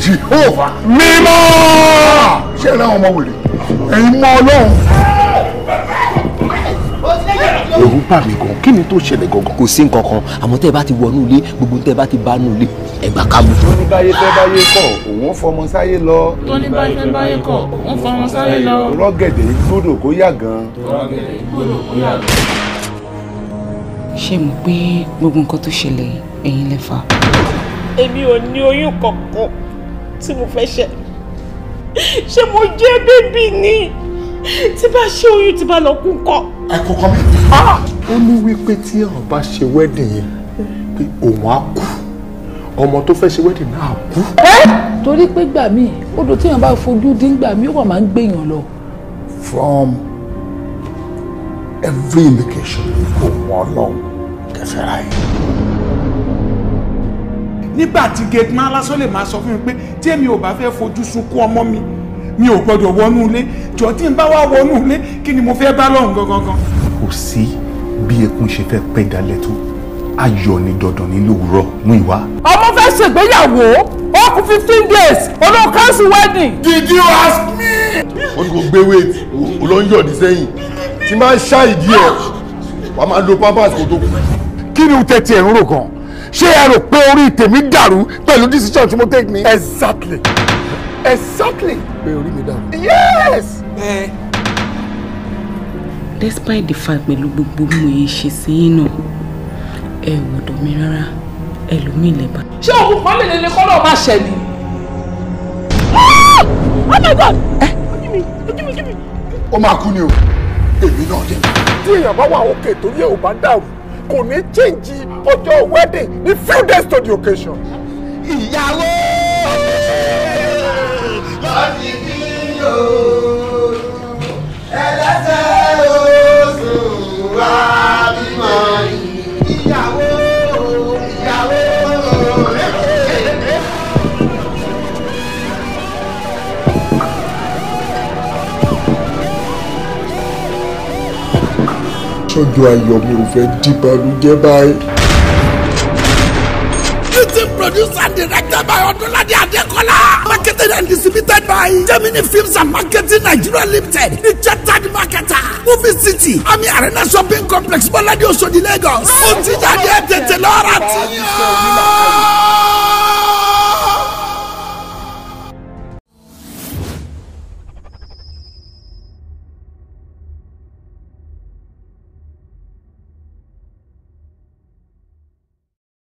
Jehovah. Mímọ́! Ṣé ẹ láwọn ọmọ wèrè? Ẹ̀yin mọ Ọlọ́run ẹ̀rù bà mí gan kí ni tó ṣẹlẹ̀ gangan. kò sí nǹkan kan àmọ́ tẹ́ ẹ bá ti wọnú ilé gbogbo tẹ́ ẹ bá ti bá nú ilé ẹgbà ká mú. tó ní báyé tẹ́ báyé kọ̀ òun fọmọ sáyé lọ. tó ní báyé tẹ́ báyé kọ̀ òun fọmọ sáyé lọ. rọ́gẹ̀dẹ̀ gbódò kó yà gan. rọ́gẹ̀dẹ̀ gbódò kó yà gan. ṣé mo pé gbogbo nǹkan tó ṣẹlẹ̀ ẹ̀yin lẹ fà. èmi ò ní oyún kankan tí mo fẹ́ ṣe ṣé mo jẹ́ bébì ni tí bá ṣe oyún tí bá lọ kú kọ. ẹ kọkọ mi. Ah! ó ní wípé tí àwọn bá ṣe wedding yẹn pé òun á kú ọmọ tó fẹ́ ṣe wedding náà kú. torí pé gbà mí odò tí èèyàn bá fojú dín gbà mí ó wà máa ń gbèyàn lọ. from every indication òun ọlọ́run kẹfẹ́ra yìí. nígbà tí gateman lásán lè máa sọ fún mi pé tí èmi ò bá fẹ́ fojú sunkún ọmọ mi mi ò gbọdọ̀ wọnú ilé jọ tí n bá wá wọnú ilé kí ni mo fẹ́ bá lọ́hùn gangan. kò sí bí ẹkún ṣe fẹ́ pẹ́ dalẹ̀ tó ayọ̀ ni dandan ní lówùúrọ̀ mú ìwá. ọmọ fẹ́ ṣègbéyàwó ó kù fifteen days olóò cancel wedding. did you ask me. wọ́n ti kò gbé wait olóńyọ̀ ní sẹ́yìn tí máa ń ṣá ìdí ẹ̀ wàá máa lo pampers kò tó kù. kí ni o tẹ́tí ẹ̀ ń rò gan-an ṣé ẹ rò pé orí tèmi dàrú pẹ̀lú decision tí mo take ni. exactly exactly. pé orí mi dàrú. yes. Eh. despite the fact pẹ̀lú gbogbo mo yẹn ṣe sí yín náà ẹ wò dọ̀ mi rárá ẹlòmíì lẹ́ba. ṣé òun kan lè lè kọ́ náà máa ṣẹ̀ ni. Ah! oh my god. Eh, give me, give me, give me. ó máa kú ni o èmi náà dé. tí èèyàn bá wà òkè torí ẹ ò bá dàrú kò ní change wedding ní few days to the occasion. ìyàwó sọ́jọ́ ayọ̀ mi ò fẹ́ dìbànújẹ́ báyìí. Written, produced and directed by Odunlade Adekola. Marketed and distributed by Gemini Films and Marketing Nigeria Limited. The Chartered Marketer. Movie City. Army Arena Shopping Complex. Bọ́ládé Oṣòdì Lagos. Ó ti jáde ẹ̀ tètè lọ́ra tí yóò.